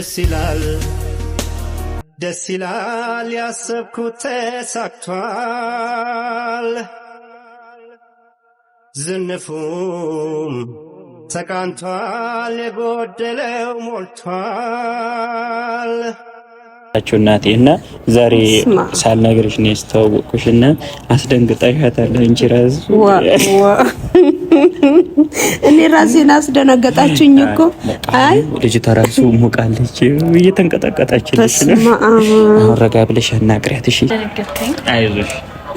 ደስ ይላል ደስ ይላል ያሰብኩት ተሳክቷል ዝንፉም ተቃንቷል የጎደለው ሞልቷል። ያላችሁ እናቴ እና ዛሬ ሳልነግርሽ ነው አስደንግጣሻታለሁ እንጂ ራሱ እኔ ራሴን አስደነገጣችሁኝ እኮ። አይ ልጅቷ ራሱ ሙቃለች፣ ነው። አረጋ ብለሽ አናግሪያት። እሺ አይዞሽ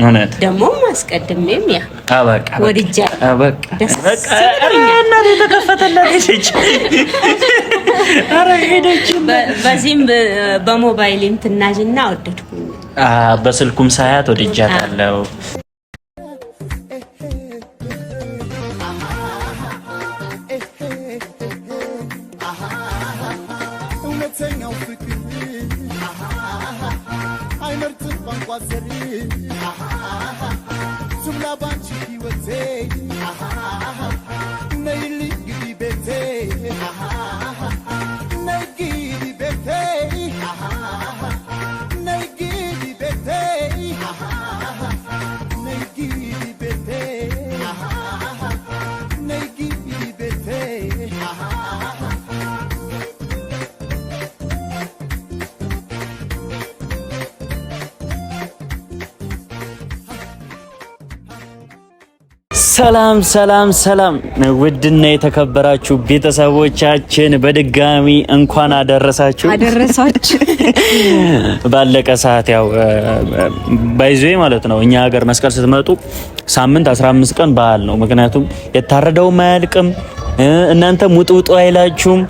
እውነት ደግሞ አስቀድሜም ያ ወድጃ ተከፈተላት። ሄደች በዚህም በሞባይልም ትናዥና ወደድኩ፣ በስልኩም ሳያት ወድጃታለሁ። ዝምላ ባንቺ ሕይወቴ ሰላም ሰላም ሰላም ውድና የተከበራችሁ ቤተሰቦቻችን በድጋሚ እንኳን አደረሳችሁ አደረሳችሁ። ባለቀ ሰዓት ያው ባይዞ ማለት ነው። እኛ ሀገር መስቀል ስትመጡ ሳምንት 15 ቀን በዓል ነው። ምክንያቱም የታረደው አያልቅም፣ እናንተም ውጡ አይላችሁም።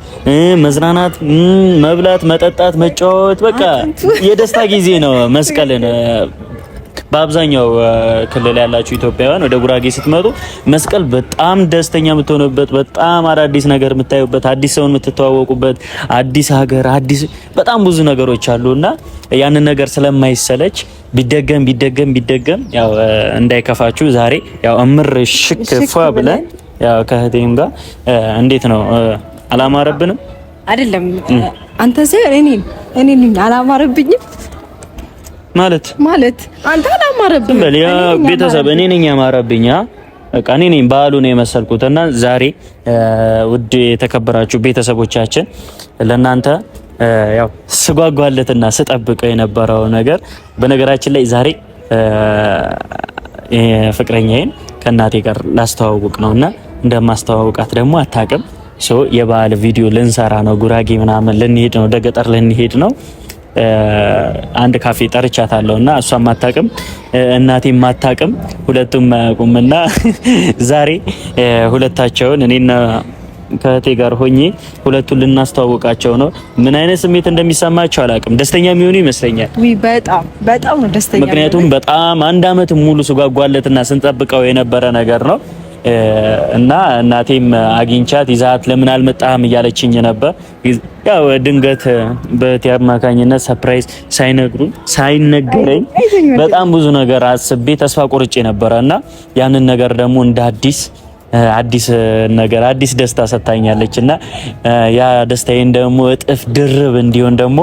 መዝናናት፣ መብላት፣ መጠጣት፣ መጫወት በቃ የደስታ ጊዜ ነው መስቀልን በአብዛኛው ክልል ያላችሁ ኢትዮጵያውያን ወደ ጉራጌ ስትመጡ መስቀል በጣም ደስተኛ የምትሆኑበት፣ በጣም አዳዲስ ነገር የምታዩበት፣ አዲስ ሰውን የምትተዋወቁበት፣ አዲስ ሀገር፣ አዲስ በጣም ብዙ ነገሮች እና ያንን ነገር ስለማይሰለች ቢደገም ቢደገም ቢደገም ያው እንዳይከፋችሁ ዛሬ ያው እምር ሽክ ፏ ብለን ያው ከህቴም ጋር እንዴት ነው አላማረብንም? አይደለም አንተ ዘ እኔ እኔ አላማረብኝም ማለት ማለት አንተ አላማረብኝ። በል ያ ቤተሰብ እኔ ነኝ ያማረብኝ። በቃ እኔ ነኝ በዓሉን የመሰልኩት እና ዛሬ ውድ የተከበራችሁ ቤተሰቦቻችን ለእናንተ ያው ስጓጓለትና ስጠብቀው የነበረው ነገር በነገራችን ላይ ዛሬ ፍቅረኛዬን ከእናቴ ጋር ላስተዋውቅ ነውና እንደማስተዋውቃት ደግሞ አታውቅም። ሶ የበዓል ቪዲዮ ልንሰራ ነው። ጉራጌ ምናምን ልንሄድ ነው። ደገጠር ልንሄድ ነው አንድ ካፌ ጠርቻታለሁ እና እሷ ማታቅም እናቴ ማታቅም ሁለቱም አያውቁም። እና ዛሬ ሁለታቸውን እኔና ከእህቴ ጋር ሆኜ ሁለቱን ልናስተዋውቃቸው ነው። ምን አይነት ስሜት እንደሚሰማቸው አላውቅም። ደስተኛ የሚሆኑ ይመስለኛል። በጣም በጣም ነው ደስተኛ። ምክንያቱም በጣም አንድ አመት ሙሉ ስጓጓለትና ስንጠብቀው የነበረ ነገር ነው። እና እናቴም አግኝቻት ይዛት ለምን አልመጣህም እያለችኝ ነበር። ያው ድንገት በእህቴ አማካኝነት ሰርፕራይዝ ሳይነግሩ ሳይነገረኝ በጣም ብዙ ነገር አስቤ ተስፋ ቆርጬ ነበረ እና ያንን ነገር ደግሞ እንደ አዲስ አዲስ ነገር አዲስ ደስታ ሰጥታኛለች እና ያ ደስታዬን ደግሞ እጥፍ ድርብ እንዲሆን ደግሞ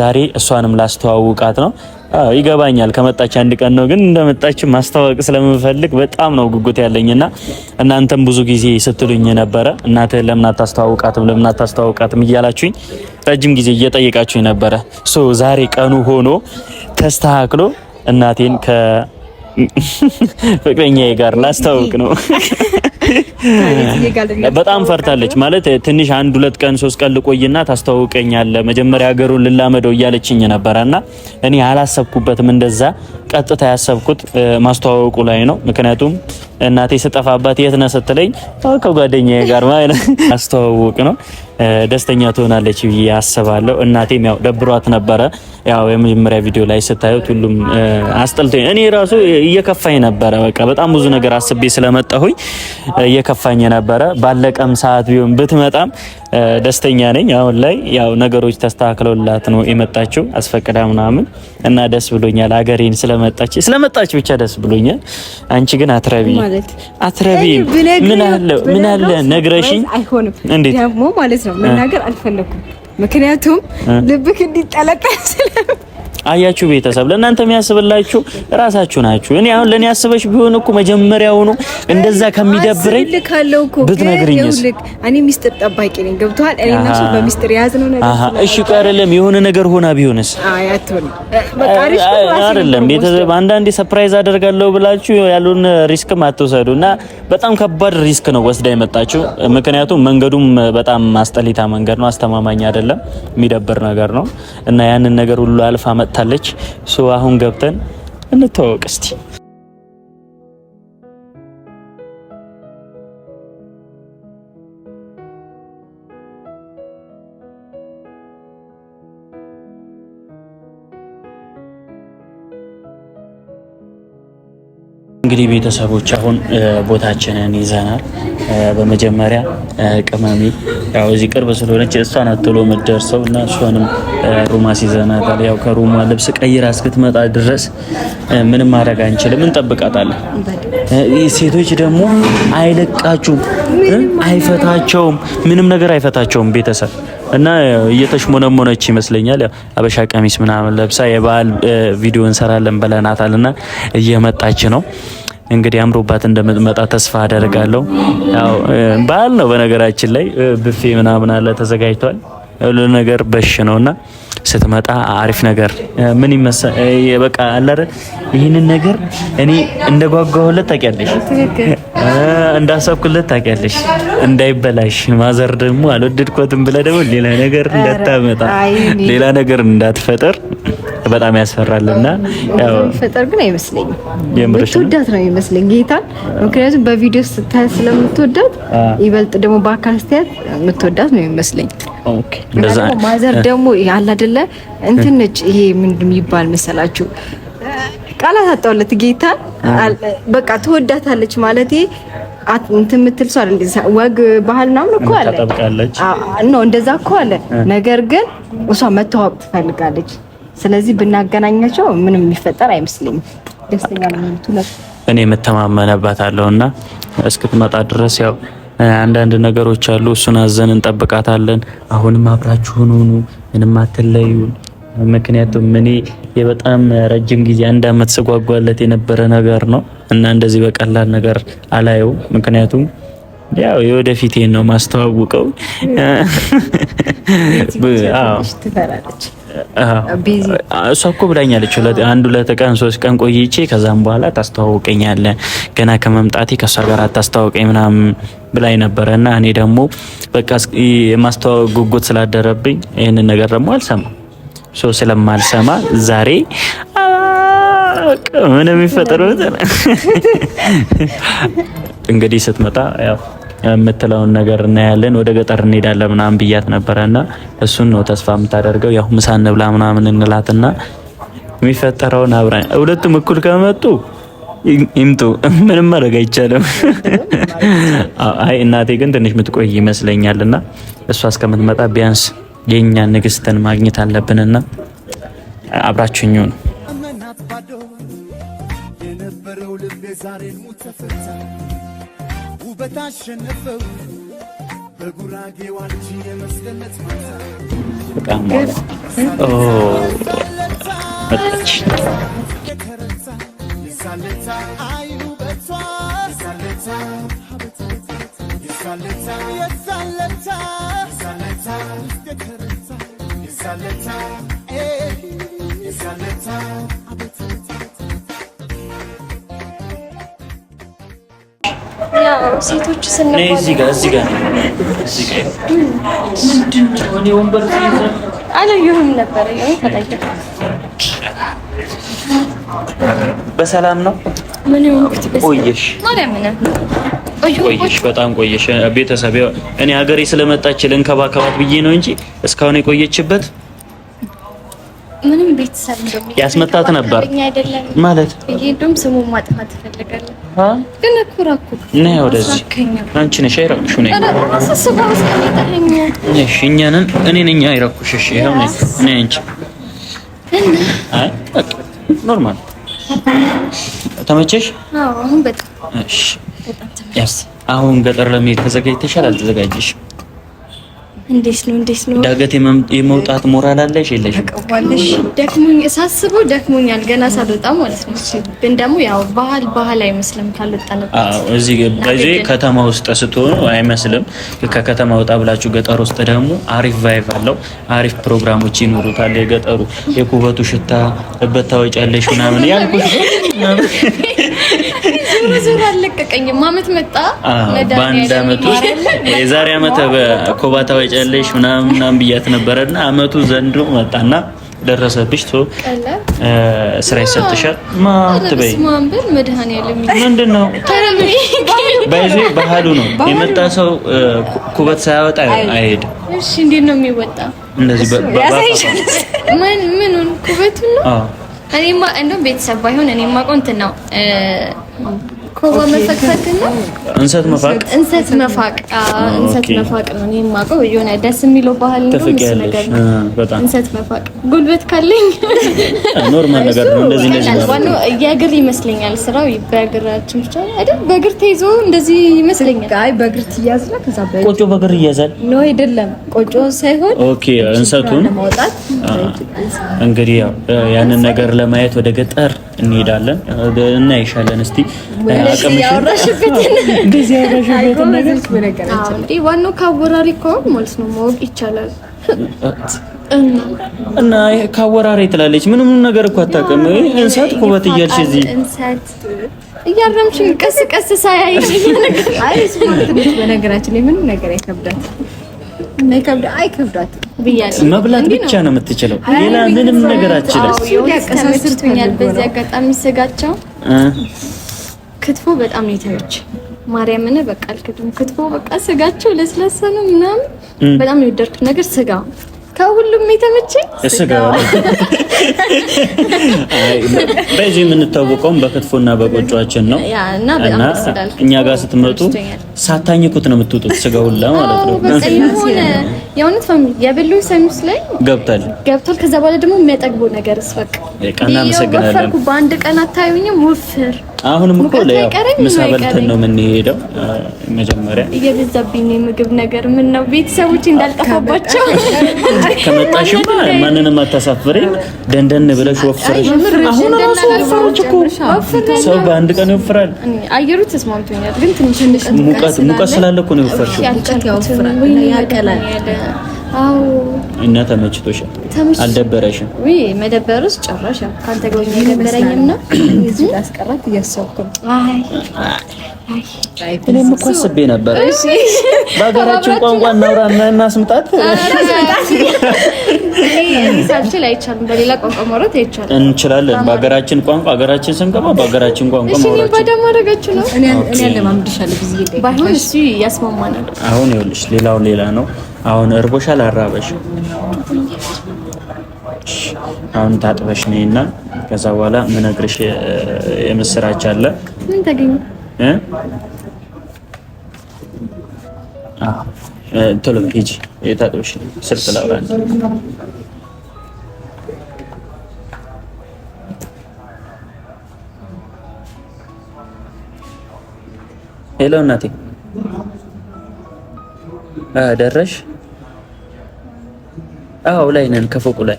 ዛሬ እሷንም ላስተዋውቃት ነው። አዎ ይገባኛል። ከመጣች አንድ ቀን ነው፣ ግን እንደመጣች ማስታወቅ ስለምፈልግ በጣም ነው ጉጉት ያለኝና እናንተም ብዙ ጊዜ ስትሉኝ ነበረ። እናትህ ለምን አታስተዋውቃትም ለምን አታስተዋውቃትም እያላችሁኝ ረጅም ጊዜ እየጠየቃችሁኝ ነበረ። ሶ ዛሬ ቀኑ ሆኖ ተስተካክሎ እናቴን ከፍቅረኛዬ ጋር ላስተዋውቅ ነው። በጣም ፈርታለች ማለት ትንሽ አንድ ሁለት ቀን ሶስት ቀን ልቆይና ታስተዋውቀኛለህ መጀመሪያ ሀገሩን ልላመደው እያለችኝ ነበረና እኔ አላሰብኩበትም። እንደዛ ቀጥታ ያሰብኩት ማስተዋወቁ ላይ ነው። ምክንያቱም እናቴ ስጠፋባት የት ነህ ስትለኝ ከጓደኛዬ ጋር ማለት አስተዋወቅ ነው። ደስተኛ ትሆናለች ብዬ አስባለሁ። እናቴም ያው ደብሯት ነበረ። ያው የመጀመሪያ ቪዲዮ ላይ ስታዩት ሁሉም አስጠልቶኝ እኔ ራሱ እየከፋኝ ነበረ። በቃ በጣም ብዙ ነገር አስቤ ስለመጣሁኝ እየከፋኝ ነበረ። ባለቀም ሰዓት ቢሆን ብትመጣም ደስተኛ ነኝ። አሁን ላይ ያው ነገሮች ተስተካክለውላት ነው የመጣችው አስፈቅዳ ምናምን እና ደስ ብሎኛል። አገሬን ስለመጣች ስለመጣች ብቻ ደስ ብሎኛል። አንቺ ግን አትረቢ አትረቢ። ምን አለ ምን አለ ነግረሽኝ አይሆንም። እንዴት ደግሞ ማለት ነው መናገር አልፈለኩም፣ ምክንያቱም ልብክ እንዲጠለቀ ስለ አያችሁ ቤተሰብ ለእናንተ የሚያስብላችሁ ራሳችሁ ናችሁ። እኔ አሁን ለእኔ አስበሽ ቢሆን እኮ መጀመሪያውኑ እንደዛ ከሚደብረኝ ልካለው እኮ ብትነግሪኝስ? እኔ ሚስጥር ጠባቂ ነኝ። ገብቶሃል? እኔ እና እሱ በሚስጥር የያዝነው ነገር እሺ፣ ቆይ አይደለም የሆነ ነገር ሆና ቢሆንስ? አይ አትሆንም። በቃ አይደለም ቤተሰብ አንዳንዴ ሰፕራይዝ አደርጋለሁ ብላችሁ ያሉን ሪስክም አትወሰዱ እና በጣም ከባድ ሪስክ ነው ወስዳ የመጣችሁ። ምክንያቱም መንገዱም በጣም አስጠሊታ መንገድ ነው፣ አስተማማኝ አይደለም፣ የሚደብር ነገር ነው እና ያንን ነገር ሁሉ አልፋ መታለች። እሱ አሁን ገብተን እንተዋወቅ እስቲ። እንግዲህ ቤተሰቦች አሁን ቦታችንን ይዘናል። በመጀመሪያ ቅመሚ ያው እዚህ ቅርብ ስለሆነች እሷ አትሎ ቶሎ የምትደርሰው እና እሷንም ሩማ ሲዘናታል። ያው ከሩማ ልብስ ቀይራ እስክትመጣ ድረስ ምንም ማድረግ አንችልም፣ እንጠብቃታለን። ሴቶች ደግሞ አይለቃችሁም፣ አይፈታቸውም፣ ምንም ነገር አይፈታቸውም ቤተሰብ እና እየተሽሞነሞነች ይመስለኛል። ያው አበሻ ቀሚስ ምናምን ለብሳ የበዓል ቪዲዮ እንሰራለን ብለናታል እና እየመጣች ነው። እንግዲህ አምሮባት እንደምትመጣ ተስፋ አደርጋለሁ። ያው በዓል ነው በነገራችን ላይ ብፌ ምናምን አለ ተዘጋጅቷል። ሁሉ ነገር በሽ ነውና ስትመጣ አሪፍ ነገር ምን ይመስል በቃ አላረ ይህንን ነገር እኔ እንደጓጓሁለት ታውቂያለሽ፣ እንዳሰብኩለት ታውቂያለሽ። እንዳይበላሽ ማዘር ደግሞ አልወደድኮትም ብለህ ደግሞ ሌላ ነገር እንዳታመጣ ሌላ ነገር እንዳትፈጠር በጣም ያስፈራል እና ፈጠር ግን አይመስለኝም። የምትወዳት ነው ይመስለኝ ጌታን። ምክንያቱም በቪዲዮ ስታይ ስለምትወዳት ይበልጥ ደግሞ በአካል ስታያት የምትወዳት ነው ይመስለኝ። ማዘር ደግሞ ያለ አይደለ እንትን ነች። ይሄ ምንድን የሚባል መሰላችሁ? ቃላት አጣሁለት ጌታን። በቃ ትወዳታለች ማለት ይሄ እንትን የምትል ሰው አይደል? ወግ ባህል ምናምን እኮ አለ ነው እንደዛ እኮ አለ። ነገር ግን እሷ መተዋወቅ ትፈልጋለች። ስለዚህ ብናገናኛቸው ምንም የሚፈጠር አይመስለኝም። ደስተኛ እኔ የምተማመነባታለሁ እና እስክትመጣ ድረስ ያው አንዳንድ ነገሮች አሉ። እሱን አዘን እንጠብቃታለን። አሁንም አብራችሁን ሁኑ፣ ምንም አትለዩን። ምክንያቱም እኔ የበጣም ረጅም ጊዜ አንድ አመት ስጓጓለት የነበረ ነገር ነው እና እንደዚህ በቀላል ነገር አላየው ምክንያቱም ያው የወደፊቴን ነው ማስተዋውቀው። እሷ እኮ ብላኛለች አንድ ሁለት ቀን ሶስት ቀን ቆይቼ ከዛም በኋላ ታስተዋውቀኛለ ገና ከመምጣቴ ከእሷ ጋር አታስተዋውቀኝ ምናምን ብላኝ ነበረ እና እኔ ደግሞ በቃ የማስተዋወቅ ጉጉት ስላደረብኝ ይህንን ነገር ደግሞ አልሰማ ሶ ስለማልሰማ ዛሬ ምን የሚፈጠረው እንግዲህ ስትመጣ ያው የምትለውን ነገር እናያለን። ወደ ገጠር እንሄዳለን ምናምን ብያት ነበረና እሱን ነው ተስፋ የምታደርገው። ያው ምሳ እንብላ ምናምን እንላትና የሚፈጠረውን አብረን ሁለቱም እኩል ከመጡ ይምጡ፣ ምንም ማድረግ አይቻልም። አይ እናቴ ግን ትንሽ ምትቆይ ይመስለኛልና እሷ እስከምትመጣ ቢያንስ የኛ ንግስትን ማግኘት አለብንና አብራችኙ ነው የነበረው ልቤ ዛሬ በታሸነፈው በጉራጌ ዋልች የመስገነት ማታ ሴቶች አላየሁም ነበረ። በሰላም ነው? ቆየሽ? ቆየሽ፣ በጣም ቆየሽ። ቤተሰብ እኔ ሀገሬ ስለመጣች ልንከባከባት ብዬ ነው እንጂ እስካሁን የቆየችበት ምንም ቤተሰብ እንደሚል ያስመታት ነበር ማለት ይሄዱም ስሙ ማጥፋት ይፈልጋል። ግን እኮ እራኩ ነይ ወደዚህ አንቺ ነሽ አይረኩሽ ነኝ እሺ፣ እኛንን እኔ ነኝ አይረኩሽ። እሺ፣ ይሄው ነኝ እኔ አንቺ አይ ኖርማል ተመቸሽ? አሁን በጣም እሺ። ያስ አሁን ገጠር ለመሄድ ተዘጋጅተሻል? አልተዘጋጀሽም? እንዴት ነው እንዴት ነው ዳገት የመውጣት ሞራል አለሽ የለሽ? አቀዋለሽ ደክሞኝ ሳስበው ደክሞኛል ገና ሳልወጣ ማለት ነው። ግን ደግሞ ያው ባህል ባህል አይመስልም ካልወጣ አዎ እዚህ በዚህ ከተማ ውስጥ ስትሆኑ አይመስልም። ከከተማ ወጣ ብላችሁ ገጠር ውስጥ ደግሞ አሪፍ ቫይቭ አለው። አሪፍ ፕሮግራሞች ይኖሩታል። የገጠሩ የኩበቱ ሽታ እበት ታወጫለሽ ምናምን ያልኩሽ ምናምን ዞሮ ዞሮ አልለቀቀኝም። አመት መጣ በአንድ አመቱ የዛሬ አመት በኮባታ ወጫለሽ ምናምን ምናምን ብያት ነበረና አመቱ ዘንድሮ መጣና ደረሰብሽ። ቶ ስራ ይሰጥሻል። ማት ምንድን ነው ባይዞ ባህሉ ነው የመጣ ሰው ኩበት ሳያወጣ አይሄድም። እሺ እንዴት ነው የሚወጣ? እንደዚህ ምኑን ኩበቱን ነው እኔማ እንደውም ቤተሰብ ባይሆን እኔማ ቆንት ነው ኮባ መፈቅፈቅ እና እንሰት መፋቅ እንሰት መፋቅ እንሰት መፋቅ ነው። እኔ የማውቀው የሆነ ደስ የሚለው ባህል ነው። በጣም እንሰት መፋቅ ጉልበት ካለኝ ኖርማል ነገር ነው። እንደዚህ እንደዚህ ዋናው የእግር ይመስለኛል ስራው በእግራችን ብቻ አይደል? በእግር ተይዞ እንደዚህ ይመስለኛል። አይ በእግር ትያዝ ነው። ከዛ በእግር ቆጮ በእግር ይያዛል። ኖ አይደለም፣ ቆጮ ሳይሆን ኦኬ፣ እንሰቱን እንግዲህ ያንን ነገር ለማየት ወደ ገጠር እንሄዳለን እና ይሻለን። እስቲ ዋናው ከአወራሪ ከሆን ማለት ነው ማወቅ ይቻላል። እና ከአወራሪ ትላለች ምንም ነገር እኮ አታውቅም። እንሰት ኩበት እያልሽ እዚህ እያረምሽ ቀስ ቀስ ሳያይ በነገራችን ምንም ነገር አይከብዳል መብላት ብቻ ነው የምትችለው፣ ሌላ ምንም ነገር አትችልም። በዚህ አጋጣሚ ስጋቸው ክትፎ በጣም ነው የተመቸ ማርያምን በቃ አልክድም። ክትፎ በቃ ስጋቸው ለስላሳ ነው ምናምን፣ በጣም የወደድኩት ነገር ስጋ ከሁሉም የተመቸኝ ስጋ። በዚህ የምንታወቀውም በክትፎና በቆጮችን ነው እና እኛ ጋር ስትመጡ ሳታኝኩት ነው የምትወጡት። ስጋ ሁላ ማለት ነው። የእውነት የበሉ ሰሚስ ላይ ገብቷል ገብቷል። ከዛ በኋላ ደግሞ የሚያጠግቡ ነገር ስፈቅ ቀና አመሰግናለን። በአንድ ቀን አታዩኝም ውፍር አሁንም እኮ ምሳ በልተን ነው የምንሄደው። መጀመሪያ እየበዛብኝ ነው የምግብ ነገር። ምን ነው ቤተሰቦች እንዳልጠፋባቸው ከመጣሽማ ማንንም አታሳፍሪኝ። ደንደን ብለሽ ወፍረሽ፣ አሁን ራሱ ወፍረች እኮ ሰው በአንድ ቀን ይወፍራል። አየሩ ተስማምቶኛል፣ ግን ትንሽ ሙቀት ሙቀት ስላለ እኮ ነው የወፈርሽው። እና ተመችቶሻል? አልደበረሽም? ውይ መደበርስ ጭራሽ ካንተ ጋር የደበረኝም ነው። እዚህ እያሰብኩ አይ አይ እኔም እኮ አስቤ ነበር። እሺ በሀገራችን ቋንቋ እናውራና እናስምጣት። በሌላ ቋንቋ ማውራት አይቻልም። እንችላለን በሀገራችን ቋንቋ። ሀገራችን ስንገባ በሀገራችን ቋንቋ ማውራት ነው። እኔ ያለማምድሻለሁ። ባይሆን እሱ ያስማማናል። አሁን ይኸውልሽ ሌላውን ሌላ ነው አሁን እርቦሻ ላራበሽ አሁን ታጥበሽ ነይ እና ከዛ በኋላ ምነግርሽ የምስራች አለ። ምን ተገኘ? ቶሎ ሂጂ የታጥበሽ ስልክ ላውራ ሄሎ እናቴ ደረሽ? አዎ ላይ ነን፣ ከፎቁ ላይ።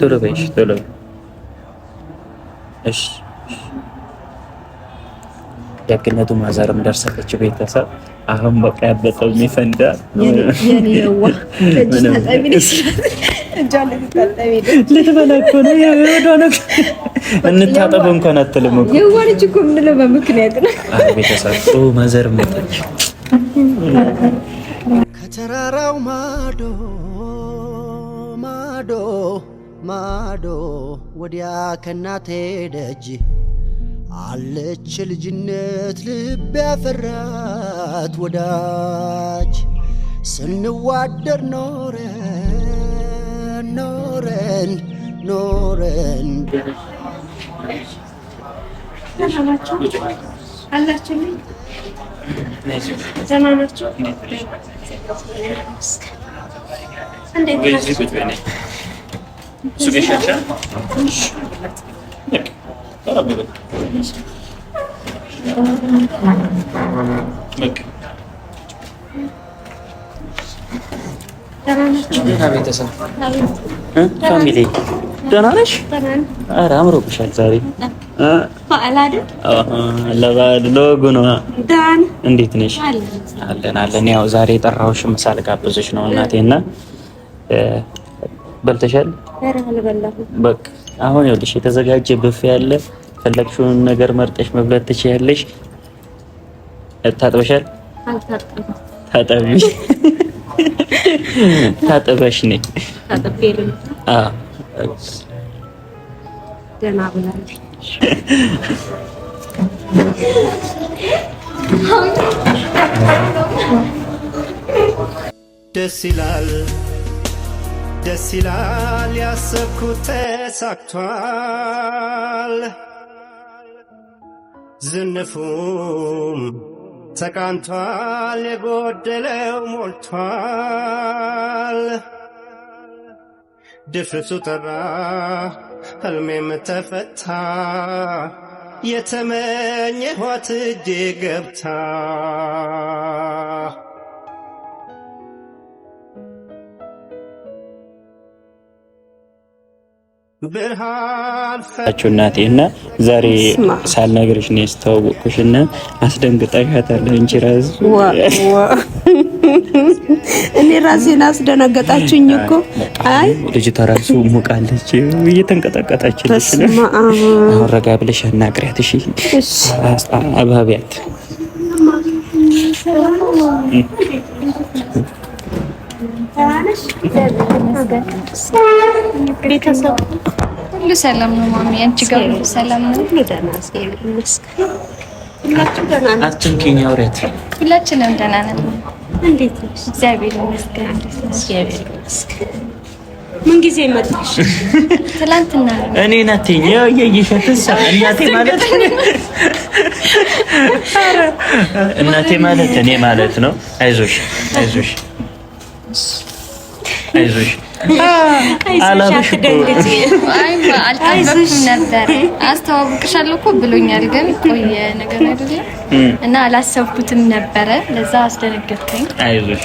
ቶሎ በይ እሺ፣ ቶሎ በይ እሺ። ደግነቱ ማዘርም ደርሳለች። ቤተሰብ አሁን በቃ ያበጠው የሚፈንዳ ልትበላ እኮ ነው እንታጠብ እንኳን አትልም እኮ የዋለች እኮ የምንለው በምክንያት ነው። ቤተሰብ ማዘር መጣች ከተራራው ማዶ ማዶ ማዶ ወዲያ ከናቴ ደጅ አለች ልጅነት ልብ ያፈራት ወዳጅ ስንዋደር ኖረን ኖረን ኖረን አላችሁ ደህና ቤተሰብ ደህና ነሽ? ኧረ አምሮብሻል ዛሬ። ለበዓል ለወጉ ነው። እንዴት ነሽ? አለን አለን። ያው ዛሬ የጠራሁሽ ምሳ ልጋብዝሽ ነው እናቴና በልተሻል? በቃ አሁን ይኸውልሽ የተዘጋጀ ብፌ አለ። ፈለግሽውን ነገር መርጠሽ መብላት ትችያለሽ። ታጥበሻል? አልታጠብኩም። ታጠቢ። ታጥበሽ ነኝ። ታጥቤ አዎ ደስ ይላል። ደስ ይላል ያሰብኩት ተሳክቷል። ዝንፉም ተቃንቷል፣ የጎደለው ሞልቷል። ድፍርሱ ጠራ፣ ሕልሜም ተፈታ፣ የተመኘኋት እጄ ገብታ ችሁ እናቴ እና ዛሬ ሳልነግርሽ ነው ያስተዋወቅኩሽ እና አስደንግጣሻታለሁ። እንጂ ራሱ እኔ ራሴን አስደነገጣችኝ እኮ። አይ ልጅቷ ራሱ ሙቃለች፣ እየተንቀጠቀጠችልሽ አሁን ረጋ ብለሽ አናግሪያት እሺ። አባቢያት ሁሉ ሰላም ነው? ማሚ አንቺ ጋር ሁሉ ሰላም ነው? ሁላችንም ደህና ነን። እንዴት ነሽ? እግዚአብሔር ይመስገን። ምን ጊዜ መጣሽ? እኔ እናቴ ማለት እኔ ማለት ነው። አይዞሽ አይዞሽ አይዞሽ አልጠበኩም ነበር። አስተዋውቅሻለሁ እኮ ብሎኛል፣ ግን ቆየ ነገር አይደለም እና አላሰብኩትም ነበረ። ለዛ አስደነገጥከኝ። አይዞሽ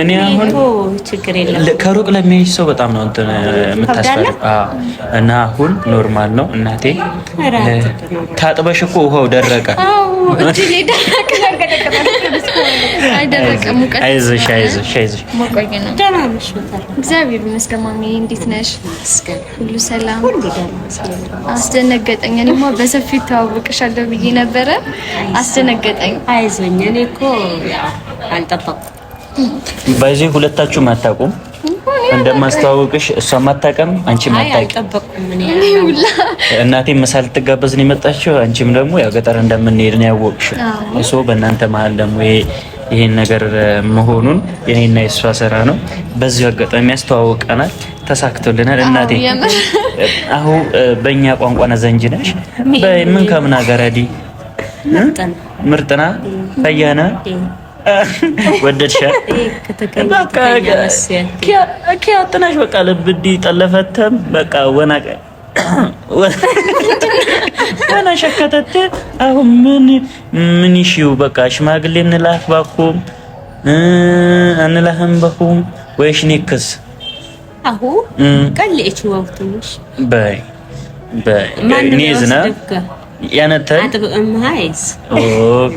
እኔ አሁን ችግር የለም ከሩቅ ለሚያይ ሰው በጣም ነው እንትን እና አሁን ኖርማል ነው እናቴ። ታጥበሽ እኮ ውሃው ደረቀ። አይዞሽ አይዞሽ አይዞሽ። እግዚአብሔር ይመስገን ማሚ፣ እንዴት ነሽ? ሁሉ ሰላም? አስደነገጠኝ። እኔማ በሰፊው ተዋወቅሻለሁ ብዬ ነበረ። አስደነገጠኝ። አይዞኝ እኔ እኮ በዚህ ሁለታችሁም አታውቁም። እንደማስተዋወቅሽ እሷ ማታቀም አንቺ ማታቀም። እናቴ መሳል ልትጋበዝ ነው የመጣችው። አንቺም ደግሞ ያው ገጠር እንደምንሄድ ነው ያወቅሽ። እሱ በእናንተ መሀል ደግሞ ይሄን ነገር መሆኑን የኔና የእሷ ስራ ነው። በዚሁ አጋጣሚ ያስተዋውቀናል፣ ተሳክቶልናል። እናቴ አሁን በእኛ ቋንቋ ነዘንጅ ነሽ። ምን ከምና ገረዲ ምርጥና ፈያና ወደድሻል ኪያ ጥናሽ በቃ ልብ እንዲህ ጠለፈተም በቃ ወና ወና ሸከተት አሁን ምን ምን ይሽው በቃ ሽማግሌ እንላህ ባኩም እንላህም ባኩም ወይሽ ኒክስ አሁ ቀልእች ወውትንሽ በይ በይ ኒዝና ያነተ አጥብ እምሃይስ ኦኬ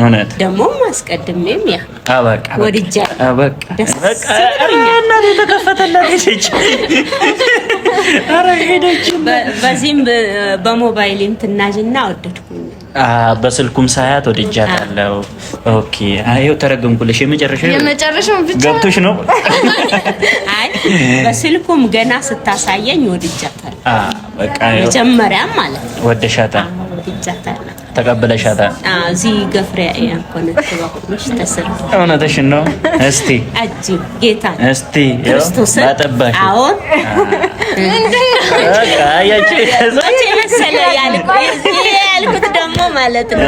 እውነት ደግሞ አስቀድሜም ያ አበቃ ወድጃ አበቃ እናቴ የተከፈተላት ሄደች። ኧረ ሄደች። በዚህም በሞባይሌም ትናዥና ወደድኩኝ። በስልኩም ሳያት ወድጃታለሁ። ኦኬ ይኸው ተረገምኩልሽ። የመጨረሻ የመጨረሻው ብቻ ገብቶሽ ነው። አይ በስልኩም ገና ስታሳየኝ ወድጃታለሁ። በቃ መጀመሪያም ማለት ነው ወድጃታለሁ ተቀብለሻታል። እዚህ ገፍሬ እውነትሽን ነው። እስቲ ጌታ እስቲ ባጠባሽ መሰለ ያልኩት ደግሞ ማለት ነው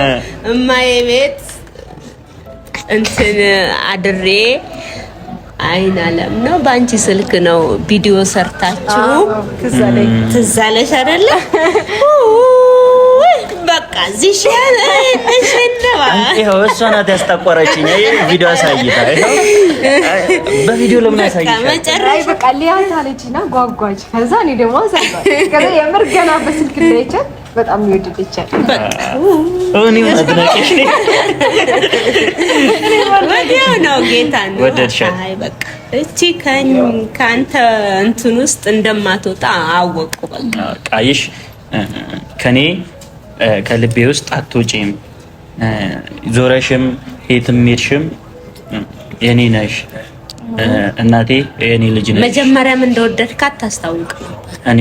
እማዬ ቤት እንትን አድሬ አይን አለም ነው በአንቺ ስልክ ነው ቪዲዮ ሰርታችሁ ትዝ አለሽ አይደለ? በቃ እዚህ ይኸው እሷ ናት ያስጠቆረችኝ። ቪዲዮ አሳይታ በቪዲዮ ለምን አሳይታለችና ጓጓች። ከዛ እኔ ደግሞ ከዛ የምር ገና በስልክ እንዳይቻል በጣም ይወድድ በቃ እቺ ውስጥ እንደማትወጣ አወቁ። ከኔ ከልቤ ውስጥ አትወጪም፣ ዞረሽም የትም ሄድሽም የኔ ነሽ እናቴ፣ የኔ ልጅ ነሽ። መጀመሪያም እንደወደድካት ታስታውቅ እኔ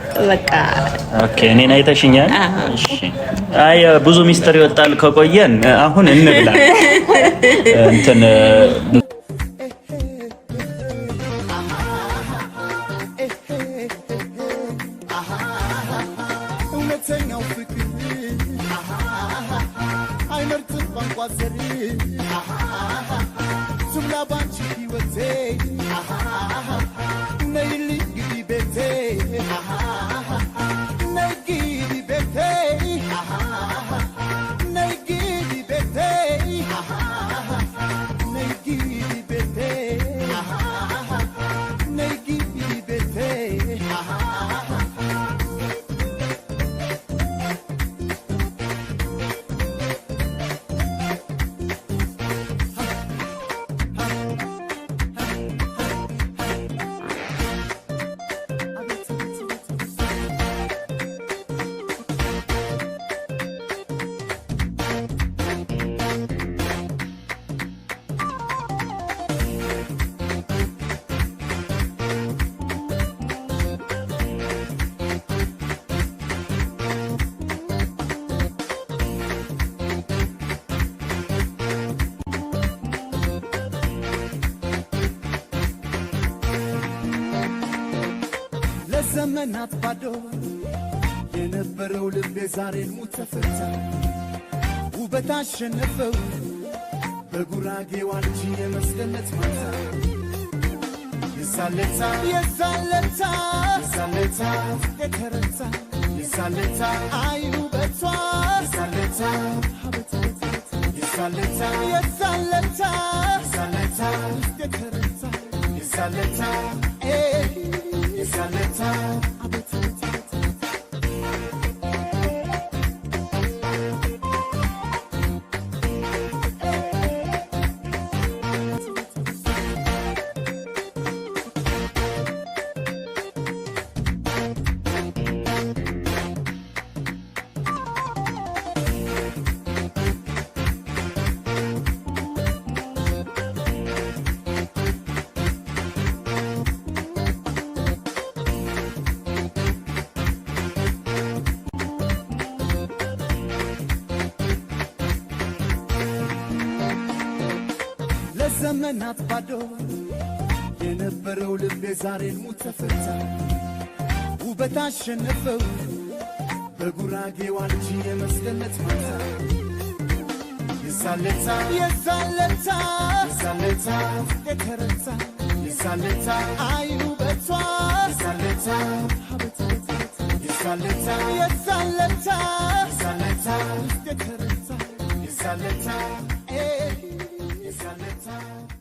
በቃ ኦኬ፣ እኔን አይተሽኛል። አይ ብዙ ሚስጥር ይወጣል ከቆየን። አሁን እንብላ እንትን ዘመናት ባዶ የነበረው ልቤ ዛሬን ሙት ተፈታ። ውበት አሸነፈው በጉራጌ አንቺ የመስገነት ማታ የሳለታ የሳለታ የሳለታ የተረሳ የሳለታ አይ ውበቷ የሳለታ የሳለታ የሳለታ የሳለታ የተረሳ የሳለታ got the time. ቀናት ባዶ የነበረው ልቤ ዛሬ ሙት ተፈታ። ውበት አሸነፈው በጉራጌ አንቺ የመስገነት ማታ የሳለታ የሳለታ የሳለታ የተረታ የሳለታ አይ ውበቷ የሳለታ የሳለታ የሳለታ የሳለታ የተረታ የሳለታ የሳለታ